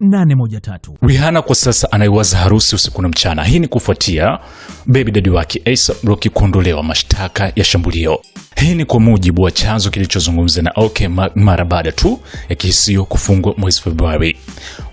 813. Rihanna kwa sasa anaiwaza harusi usiku na mchana. Hii ni kufuatia baby daddy wake ASAP Rocky kuondolewa mashtaka ya shambulio. Hii ni kwa mujibu wa chanzo kilichozungumza na OK mara baada tu ya kesi hiyo kufungwa mwezi Februari.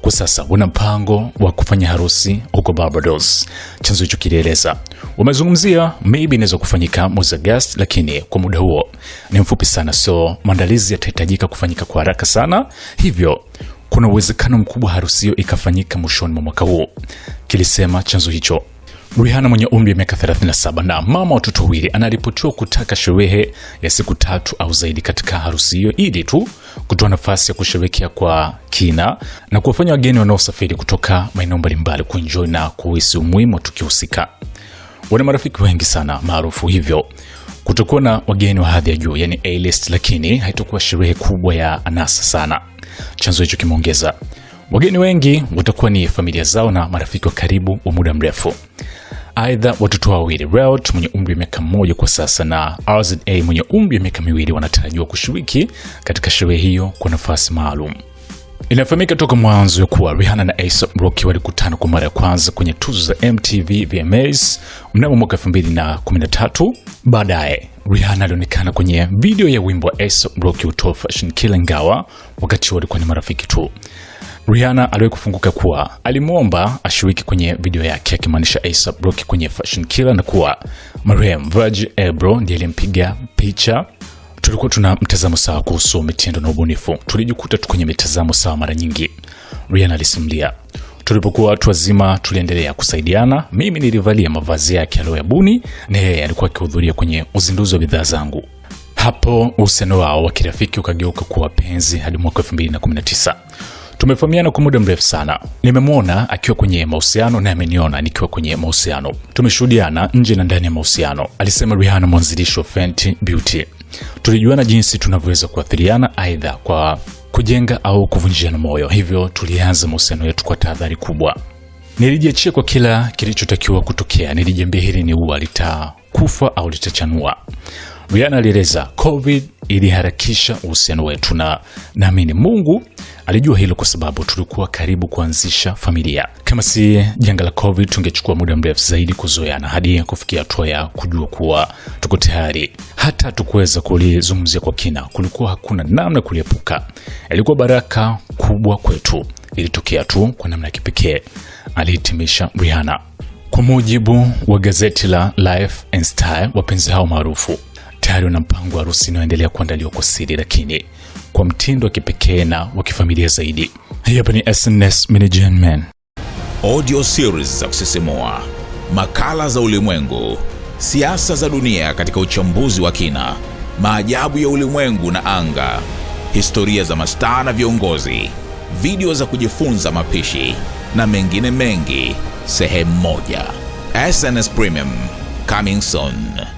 Kwa sasa wana mpango wa kufanya harusi huko Barbados, chanzo hicho kilieleza. Wamezungumzia maybe inaweza kufanyika mwezi Agosti, lakini kwa muda huo ni mfupi sana, so maandalizi yatahitajika kufanyika kwa haraka sana, hivyo kuna uwezekano mkubwa harusi hiyo ikafanyika mwishoni mwa mwaka huo kilisema chanzo hicho. rihana mwenye umri wa miaka 37 na mama watoto wawili anaripotiwa kutaka sherehe ya siku tatu au zaidi katika harusi hiyo ili tu kutoa nafasi ya kusherekea kwa kina na kuwafanya wageni wanaosafiri kutoka maeneo mbalimbali kuenjoy na kuhisi umuhimu wa tukio Wana marafiki wengi sana maarufu, hivyo kutokuwa na wageni wa hadhi ya juu, yani A-list, lakini haitokuwa sherehe kubwa ya anasa sana chanzo hicho kimeongeza. Wageni wengi watakuwa ni familia zao na marafiki wa karibu wa muda mrefu. Aidha, watoto wawili Riot mwenye umri wa miaka mmoja kwa sasa na RZA mwenye umri wa miaka miwili wanatarajiwa kushiriki katika sherehe hiyo kwa nafasi maalum. Inafahamika toka mwanzo kuwa Rihanna na ASAP Rocky walikutana kwa mara ya kwanza kwenye tuzo za MTV VMAs mnamo mwaka 2013. Baadaye Rihanna alionekana kwenye video ya wimbo wa ASAP Rocky utoa Fashion Killer, ingawa wakati walikuwa ni marafiki tu. Rihanna aliwai kufunguka kuwa alimwomba ashiriki kwenye video yake akimaanisha ASAP Rocky kwenye Fashion Killer na kuwa mariam Virgil ebro ndiye aliyempiga picha tulikuwa tuna mtazamo sawa kuhusu mitendo na ubunifu. Tulijikuta tu kwenye mitazamo sawa mara nyingi, Rihanna alisimulia. Tulipokuwa watu wazima, tuliendelea kusaidiana. Mimi nilivalia mavazi yake buni na yeye alikuwa akihudhuria kwenye uzinduzi wa bidhaa zangu. Hapo uhusiano wao wa kirafiki ukageuka kuwa penzi hadi mwaka 2019. Tumefahamiana kwa muda mrefu sana. Nimemwona akiwa kwenye mahusiano na ameniona nikiwa kwenye mahusiano. Tumeshuhudiana nje na ndani ya mahusiano, alisema rihana mwanzilishi wa Fenty Beauty tulijuana jinsi tunavyoweza kuathiriana aidha kwa kujenga au kuvunjiana moyo, hivyo tulianza mahusiano yetu kwa tahadhari kubwa. Nilijiachia kwa kila kilichotakiwa kutokea, nilijiambia hili ni ua, litakufa au litachanua. Brian alieleza COVID iliharakisha uhusiano wetu, na naamini Mungu alijua hilo, kwa sababu tulikuwa karibu kuanzisha familia. Kama si janga la COVID, tungechukua muda mrefu zaidi kuzoeana hadi kufikia hatua ya kujua kuwa tuko tayari. Hata tukuweza kulizungumzia kwa kina, kulikuwa hakuna namna kuliepuka. Ilikuwa baraka kubwa kwetu, ilitokea tu kwa namna ya kipekee alihitimisha Rihanna. Kwa mujibu wa gazeti la Life and Style, wapenzi hao maarufu tayari wana mpango wa harusi inayoendelea kuandaliwa kwa siri, lakini kwa mtindo wa kipekee na wa kifamilia zaidi. Hii hapa ni SNS Management. Audio series za kusisimua, makala za ulimwengu, siasa za dunia katika uchambuzi wa kina, maajabu ya ulimwengu na anga, historia za mastaa na viongozi, video za kujifunza mapishi na mengine mengi sehemu moja. SNS Premium coming soon.